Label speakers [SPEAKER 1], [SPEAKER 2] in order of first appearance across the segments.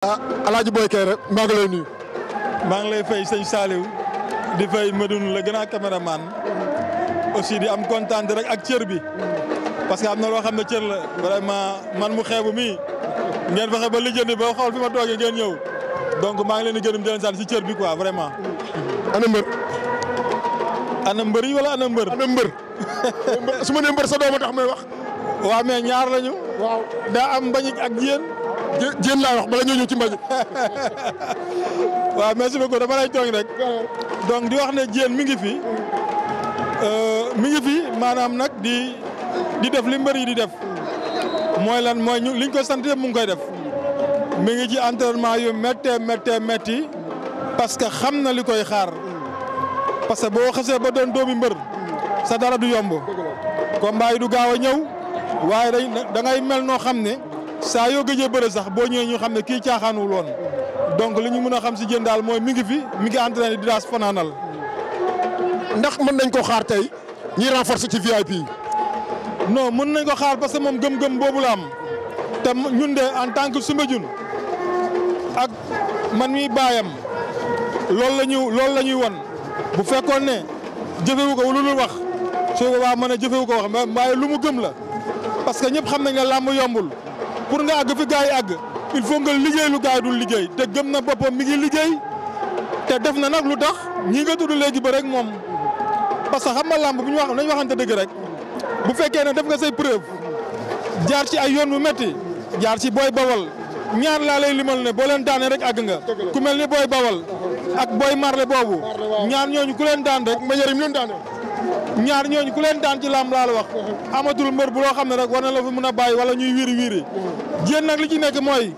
[SPEAKER 1] ah Alaaji Boy Kéré maa ngi lay nuyu. maa ngi lay fay sëñ Saliou di fay Medoune le grand caméraman aussi di am kontaan rek ak cër bi parce que am na loo xam ne cër la vraiment man mu xeebu mii ngeen fexe ba lijjanti boo xool fi ma toogee ngeen ñëw donc maa ngi leen di gërëm di si cër bi quoi vraiment. ana mbër. ana mbër yi wala ana mbër. ana su ma ne mbër sa dooma tax may wax. waa mais ñaar lañu. waaw daa am mbañ ak yéen. jéen laa wax bala ñoo ñëw ci mbañu waaw merci beaucoup dama lay tooñ rek donc di wax ne jéen mi ngi fi euh, mi ngi fi maanaam nag di di def li mbër yi di def mooy lan mooy ñu liñ ko sant yëpp mu ngi koy def mi ngi ci entraînement yu méttee méttee métti parce que xam na li koy xaar parce que boo xasee ba doon doomi mbër sa dara du yomb combat yi du gaaw a ñëw waaye day mel noo xam ne saa yoo gëjee bëre sax boo ñëwee ñu xam ne kii caaxaanul woon donc li ñu mën a xam si jën daal mooy mi ngi fi mi ngi entraîné di daas fanaanal ndax mën nañ koo xaar tey ñi renforcer ci VIP yi non mën nañ ko xaar parce que moom gëm-gëm boobu la am te ñun de en tant que Soumbédioune ak man mi baayam loolu la ñu loolu la ñuy won bu fekkoon ne jëfewu ko lu lu wax su boobaa mën a jëfewu ko wax mbaay lu mu gëm la parce que ñëpp xam nañ ne làmb yombul pour nga àgg fi gars yi àgg il faut nga liggéey lu gars yi liggéey te gëm na boppam bi ngi liggéey te def na nag lu tax ñi nga tudd léegi ba rek moom parce que xam nga làmb bu ñu wax nañu waxante dëgg rek bu fekkee ne def nga say preuve jaar ci ay yoon bu métti jaar ci booy bawal ñaar laa lay limal ne boo leen daane rek àgg nga ku mel ni booy bawal ak booy marle boobu ñaar ñooñu ku leen daan rek. ñaar ñooñu ku leen daan ci làmb laa la wax. amatul mbër bu loo xam ne rek war na la fa mën a bàyyi wala ñuy wiiri wiiri. jéen nag li ci nekk mooy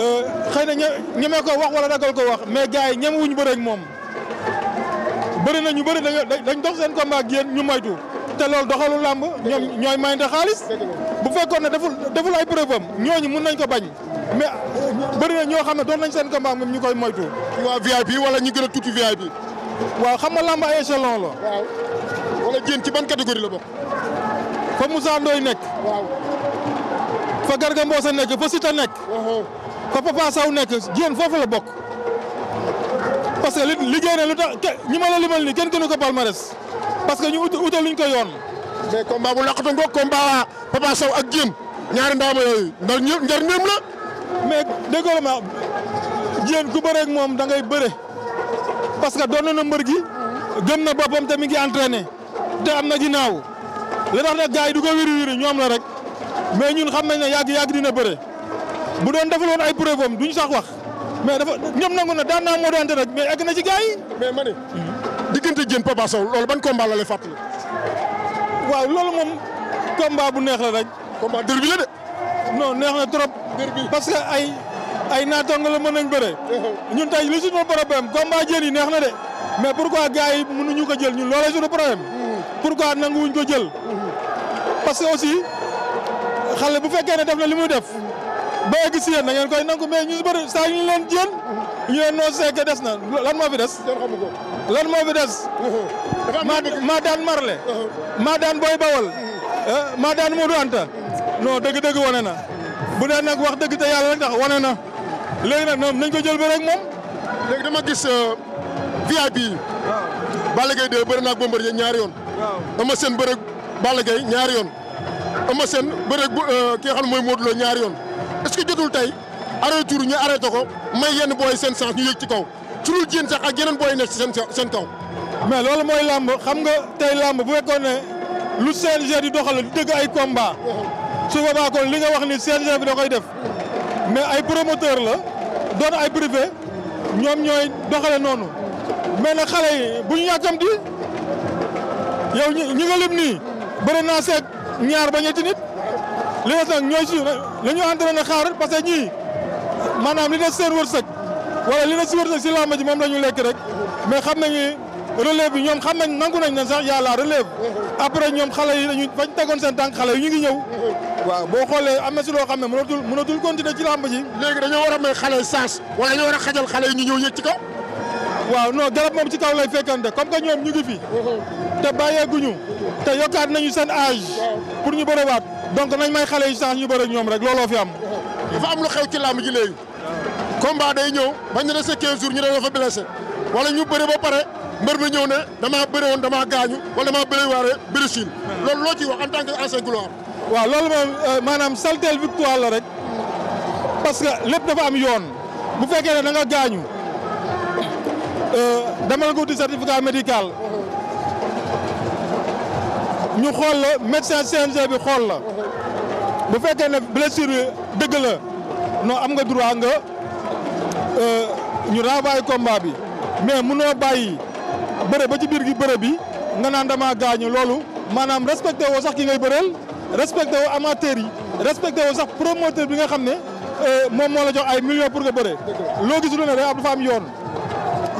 [SPEAKER 1] euh, xëy na ñemee ko wax wala ragal ko wax mais gars yi ñemewuñu bëre ak moom. bëri na ñu bëri dañ dox seen ko ak yéen ñu moytu te loolu doxalu làmb ñoom ñooy mayante xaalis bu fekkoon ne deful deful ay preuve am ñooñu mun nañ ko bañ mais euh, bëri na ñoo xam ne doon nañ seen combat moom ñu koy moytu. waa VIP wala ñu gën a tuuti VIP. waaw xam nga làmb ay échelon la. wala jéen ci ban catégorie la bokk. fa Moussa nekk. waaw. fa Garga Mbossé nekk fa Siteu nekk. fa Papa Sow nekk jéen foofu la bokk. parce que li na lu tax ñi ma la limal nii kenn gënu ko palmarès parce que ñu ut utaluñ ko yoon. mais combat bu laqatu ngoog combat Papa Sow ak jéen ñaari ndaama yooyu ndax ñë njar ñëm la. mais déggoo la ma jéen ku bëreeg moom da bëre parce que doon na mbër gi mm-hmm. gëm na boppam te mi ngi te am na ginnaaw li tax nag gars yi du ko wiri wiri ñoom la rek mais ñun xam nañ ne yàgg yàgg dina bëre bu doon deful woon ay preuve am duñ sax wax mais dafa ñoom nangu na daan naa moo doonte rek mais egg na ci gars yi. mais ma ne. Hmm. diggante jën Papa Sow loolu ban combat la bu neex la rek. combat derby la de. non neex na trop. derby parce que ay ay naataango la mën nañ bëre. Eh oh. ñun tey li suñu problème combat jën yi neex na de mais pourquoi gars yi mënuñu ko jël ñun loolay suñu problème. pourquoi nanguwuñ ko jël parce que aussi xale bu fekkee ne def na li muy def ba egg si yéen da ngeen koy nangu mais ñu si bëri saa ñu leen jën ñu leen noo seeke des na lan moo fi des lan moo fi des maa daan marle uh-huh. maa daan booy bawal uh-huh. eh, maa daan Modou Anta no dëgg-dëgg wane na bu dee nag wax dëgg te yàlla rek tax wane na léegi nag nañ ko jël ba rek moom léegi dama gis euh, VIP ah. Balla Gaye 2 bëri naag Bombardier ñaari yoon Eumeu Sène bëreeg Balla Gaye ñaari yoon Eumeu Sène bëreeg euh, bu ki nga mooy Modou Lo yoon est que jotul tey arrêté ñu arrêté ko may yenn booy seen sens ñu yëg ci kaw su dul jéem sax ak yeneen booy nekk ci seen seen kaw. mais loolu mooy làmb xam nga tey làmb bu fekkoon ne lu CNG di doxal di dëgg ay combat su boobaa kon li nga wax ni CNG bi da koy def mais ay promoteur la doon ay privé ñoom ñooy doxale noonu mais nag xale yi bu ñu yàkkamti yow ñu ñi nga lim nii bëri naa seeg ñaar ba ñetti nit li des nag ñooy si la ñu entraîné xaar parce que ñii maanaam li des seen wërsëg wala li des si wërsëg si làmb ji moom la ñu lekk rek mais xam nañu relève bi ñoom xam nañ nangu nañ ne sax yàlla relève après ñoom xale yi dañu fañ tegoon seen tànk xale ñu ngi ñëw waaw boo xoolee am na si loo xam ne tul mënatul continuer ci làmb ji léegi dañoo war a may xale yi sens wala dañoo war a xajal xale yi ñu ñëw yëg ci kaw waaw non garab moom ci kaw lay fekkante comme que ñoom ñu ngi fi. te bàyyeeguñu. te yokkaat nañu seen âge. pour ñu bëriwaat. donc nañ may xale yi chance ñu bëri ak ñoom rek looloo fi am. dafa am lu xew ci làmb ji léegi. combat day ñëw bañ na sa 15 jours ñu ne dafa blessé wala ñu bëri ba pare mbër mi ñëw ne damaa bëri woon damaa gaañu wala damaa bëri waare bëri siin loo ci wax en tant que ancien gloire. waaw loolu moom euh, maanaam saltel victoire la rek parce que lépp dafa am yoon bu fekkee ne da nga gaañu Euh, demal nga wuti certificat médical ñu xool la médecin CNG bi xool la bu fekkee ne blessure bi dëgg la non am nga droit nga euh, ñu renvoyer combat bi mais munoo bàyyi bëre ba ci biir gi bëre bi nga naan dama gaañu loolu maanaam respecté woo sax ki ngay bëreel respecté woo yi respecté woo sax promoteur bi nga xam ne euh, moom moo la jox ay millions pour nga bëre loo gis lu ne day am dafa am yoon.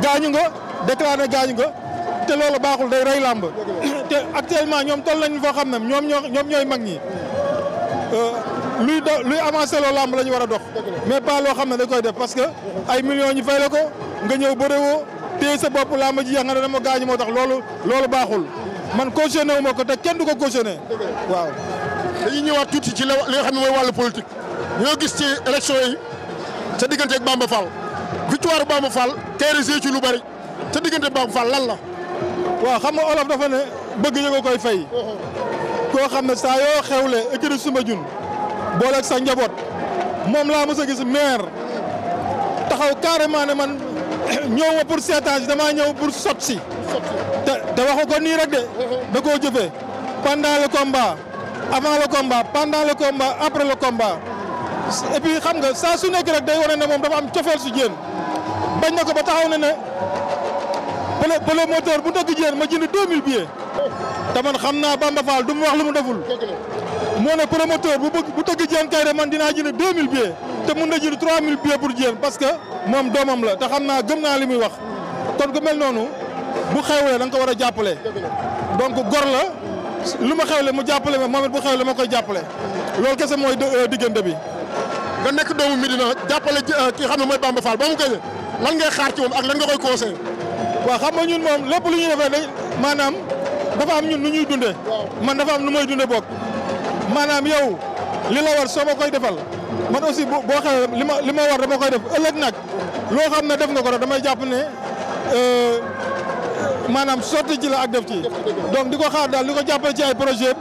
[SPEAKER 1] gaañu nga déclaré gaañu nga te loolu baaxul day rey làmb te actuellement ñoom toll nañ foo xam ne ñoom ñoo ñoom ñooy mag ñi euh, luy do luy avancé loo làmb la ñu war a dox mais pas loo xam ne da koy def parce que ay millions ñu fay la ko nga ñëw bërewoo téye sa bopp làmb ji yax nga ne dama gaañu moo tax loolu loolu baaxul man cautionné wu ma ko te kenn du ko cautionné waaw dañuy ñëwaat tuuti ci li nga xam ne mooy wàllu politique ñoo gis ci élection yi sa diggante ak Bamba victoire Bamba Fall tey rek ci lu bari sa diggante Bamba Fall lan waaw xam olof dafa ne bëgg ñu koy fay. koo xam ne saa yoo xewle écurie Soumbédioune booleeg sa njaboot moom laa mës a gis maire taxaw carrément man ñëw ma seetaan si damaa ñëw pour sot si. te waxu ko nii rek de. da koo jëfee pendant le avant le combat pendant le après le combat. et xam nga saa su nekk rek day wane ne moom dafa am cofeel su Diène bañ na ko ba taxaw na ne bële bële moteur bu ndëgg Diène ma jënd 2000 billets. te man xam naa Bamba Fall du mu wax lu mu deful. moo ne promoteur bu bëgg bu tëgg Diène Kaïré man dinaa jënd 2000 billets te mun na jënd 3000 billets pour Diène parce que moom doomam la te xam naa gëm naa li muy wax kon ku mel noonu bu xewlee da nga ko war a jàppale. donc gor la lu ma xewle mu jàppale ma moom it bu xewle ma koy jàppale loolu kese mooy euh, diggante bi. nga nekk doomu Medina jàppale euh, ki xam ne mooy Bamba Fall ba mu gagné lan ngay xaar ci moom ak lan nga koy conseillé. waaw xam nga ñun moom lépp lu ñuy defee dañ maanaam dafa am ñun nu ñuy dundee. man dafa am nu may dundee boog maanaam yow li la war soo ma koy defal man aussi boo boo xamee li ma li ma war dama koy def ëllëg nag loo xam ne def nga ko rek damay jàpp ne. Euh, maanaam sotti ci la ak def ci donc di ko xaar daal di ko jàppale ci ay projet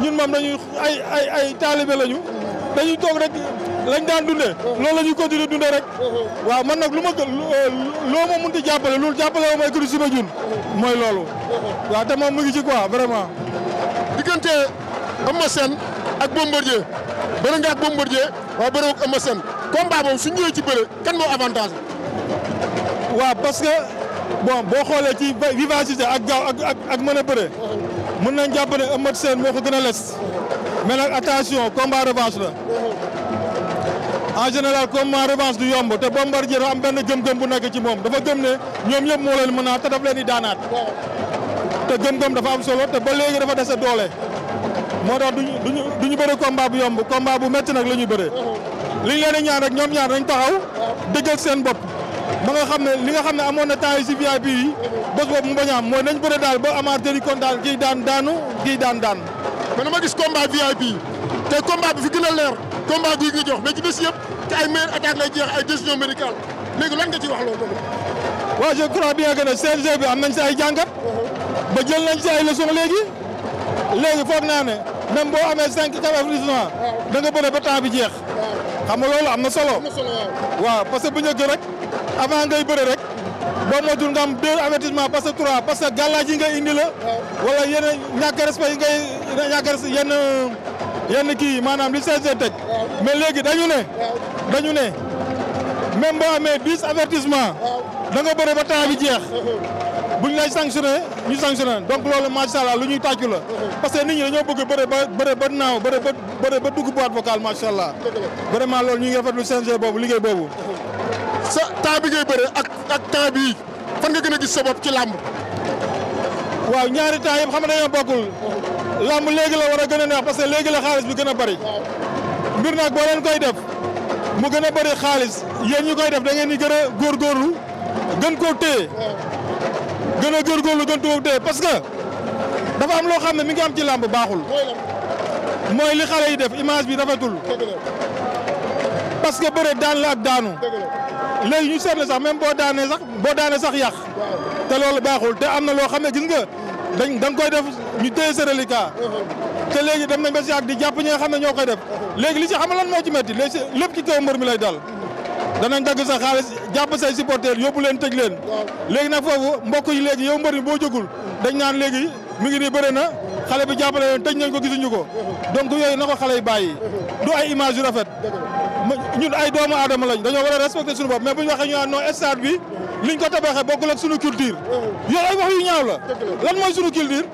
[SPEAKER 1] ñun moom dañuy ay ay ay taalibe lañu dañuy toog rek lañ daan dundee loolu la ñuy continuer dundee rek uh-huh. waaw man nag lu ma euh, loo ma mënti jàppale loolu jàppale wu may gënu si ma uh-huh. mooy loolu uh-huh. waaw te moom mu ngi ci quoi vraiment. diggante Eumeu Sène ak Bombardier bëri nga ak Bombardier waaw bëri ak Eumeu Sène combat boobu su ñëwee ci bëre kan moo avantage la. waaw parce que bon boo xoolee ci vivacité ak gaaw ak ak ak mën a bëre mën nañ jàpp ne Eumeu Sène moo ko gën les mais nag attention combat revanche la. en général combat revanche du yomb te Bombardier dafa am benn gëm-gëm bu nekk ci moom dafa gëm ne ñoom ñëpp moo leen mën a te daf leen di daanaat te gëm-gëm dafa am solo te ba léegi dafa dese doole moo tax duñu duñu du ñu bëri combat bu yomb combat bu métti nag la ñuy bëre li ñu leen ñaan rek ñoom ñaar nañ taxaw dëggal seen bopp ba nga xam ne li nga xam ne amoon na temps yi si VIP yi bés boobu mu bañ a am mooy nañ bëre daal ba amateur yi kontaan kii daan daanu kii daan daan. mais dama gis combat VIP te combat bi fi a leer. combat guy gi jox mais ci des yëpp te ay meilleure attaque lay jeex ay décision médicale léegi lan nga ci wax loolu dëgg waaw je crois bien que ne bi am na si ay jàngat. ba jël nañ si ay leçon léegi. léegi foog naa ne même boo amee cinq avertissement da nga bëre ba temps bi jeex. xam nga loolu am na solo. waa parce que bu njëkk rek avant ngay bëre rek. boo moytuwul nga am deux avertissement parce que trois parce que gàllaaj yi ngay indi la. wala yenn ñàkk respect yi yenn kii maanaam li CNG teg mais léegi dañu ne dañu ne même boo amee dix avertissement da nga bëre ba temps bi jeex buñ lay sanctionné ñu sanctionné donc loolu macha allah lu ñuy tàccu la parce que nit ñi dañoo bëgg bëre ba bëre ba naaw bëre ba bëre ba dugg boîte vocale macha allah vraiment loolu ñu ngi rafetlu CNG boobu liggéey boobu. sa temps bi ngay bëre ak ak temps bi fan nga gën a gis sa bopp ci làmb. waaw ñaari temps yëpp xam na nañoo bokkul làmb léegi la war a gën a neex parce que léegi la xaalis bi gën a bëri mbir nag boo leen koy def mu gën a bëri xaalis yéen ñi koy def da ngeen di gën a góorgóorlu gën koo téye gën a góorgóorlu gën koo téye parce que dafa am loo xam ne mi ngi am ci làmb baaxul mooy li xale yi def image bi rafetul parce que bëre daan la ak daanu. léegi ñu seet na sax même boo daanee sax boo daanee sax yàq. te loolu baaxul te am na loo xam ne gis nga dañ da nga koy def ñu téye sa reliquat. Uh-huh. te léegi dem nañ ba si yàgg di jàpp ñi nga xam ne ñoo koy def. Uh-huh. léegi li ci xam lan moo ci métti léegi lépp ci kaw mbër mi lay dal. danañ dagg sa xaalis jàpp say supporters yóbbu leen tëj leen. léegi nag foofu mbokk yi léegi yow mbër mi boo jógul. dañ naan léegi mi ngi nii bëre na xale bi jàppale leen tëj nañ ko gisuñu ko. Uh-huh. donc yooyu na ko xale yi bàyyi. du ay image yu rafet ñun ay doomu aadama lañ dañoo war a respecté suñu bopp mais bu ñu waxee ñu naan non stade bi liñ ko tabaxee bokkul ak suñu culture yooyu ay wax yu ñaaw la lan mooy suñu culture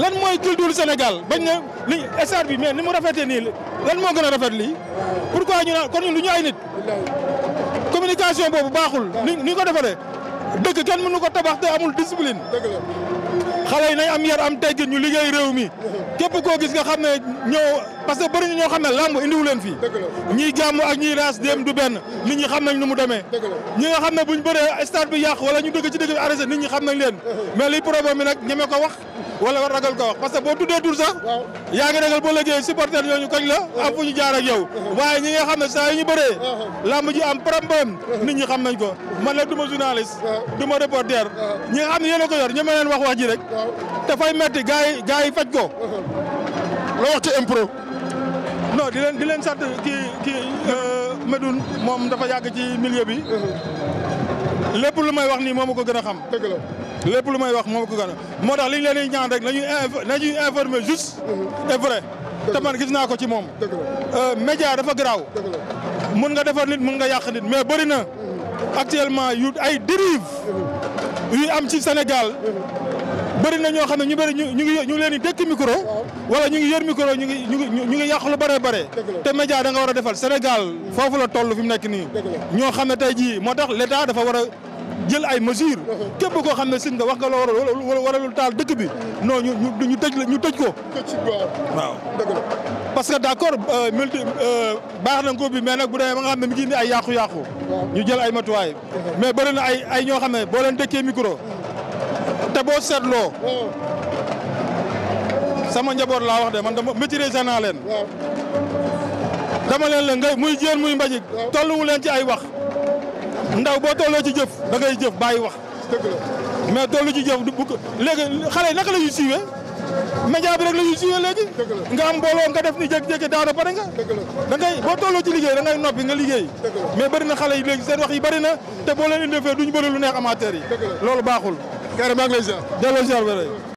[SPEAKER 1] lan mooy culture Sénégal bañ ne li stade bi mais ni mu rafetee nii lan moo gën a rafet lii pourquoi ñu naan kon ñun du ñu ay nit communication boobu baaxul ni ñu ko defaree dëkk kenn mënu ko tabax te amul discipline. xale yi nañ am yar am teggin ñu liggéey réew mi. képp koo gis nga xam ne ñoo parce que bëri na ñoo xam ne làmb indiwu leen fii. ñiy jàmm ak ñiy raas dem du benn nit ñi xam nañ nu mu demee. ñi nga xam ne buñ bëree stade bi yàq wala ñu dëkk ci dëkk bi arrêté nit ñi xam nañ leen. mais li problème mi nag ñeme ko wax. wala war ragal ko wax parce que boo tuddee tur sax yaa ngi ragal boo liggéey supporter ñooñu kañ la uh-huh. am fu ñu jaar ak yow uh-huh. waaye ñi nga xam ne saa yu ñu bëree uh-huh. lamb ji am problème nit ñi xam nañ ko man la du ma journaliste du ma reporter ñi nga xam ne yéen ko yor ñu ma leen wax wax ji rek dafay metti gars yi gars yi faj ko loo wax ci impro non di leen di leen sant kii kii euh, Medoune moom dafa yàgg ci milieu bi lépp lu may wax nii moom a ko gën a xam dëgg la lépp lu may wax moo ko gën a moo tax li ñu leen di ñaan rek nañuy nañuy informer juste et vrai gis naa ko ci moom euh, média dafa garaaw mun nga defar nit mun nga yàq nit mais bëri na actuellement yu ay dérive yu am ci Sénégal bëri na ñoo xam ne ñu bëri ñu ñu ngi ñu leen di dëkk micro wala ñu ngi yor micro ñu ngi ñu ngi ñu ngi yàq lu bëree bëri te média da nga war a defal Sénégal foofu la toll fi mu nekk nii ñoo xam ne tey jii moo tax l'état dafa war a jël ay mesures képp koo xam ne sëñ nga wax nga la waral waralul taal dëkk bi non ñu ñu tëj la ñu tëj ko. waaw parce que d' accord euh, multi euh, baax na nguur bi mais nag bu demee ba nga xam ne mi ngi indi ay yàqu-yàqu. ñu jël ay matuwaay. mais bëri na ay ay ñoo xam ne boo leen dëkkee micro. te boo seetloo. sama njaboot laa wax de man dama maîtriser naa leen. dama leen la ngay muy jéen muy mbañik tolluwu leen ci ay wax. ndaw boo tolloo ci jëf da ngay jëf bàyyi wax. dëgg la mais tollu ci jëf du bu léegi xale yi naka la ñuy siiwee. média bi rek la siiwee léegi. nga am mbooloo nga def ni jékki-jékki daana pare nga. da ngay boo tolloo ci liggéey da ngay noppi nga liggéey. mais bëri na xale yi léegi seen wax yi bëri na te boo leen indee duñu bëri lu neex amateur yi. loolu baaxul. keroog maa ngi lay ziar. delloo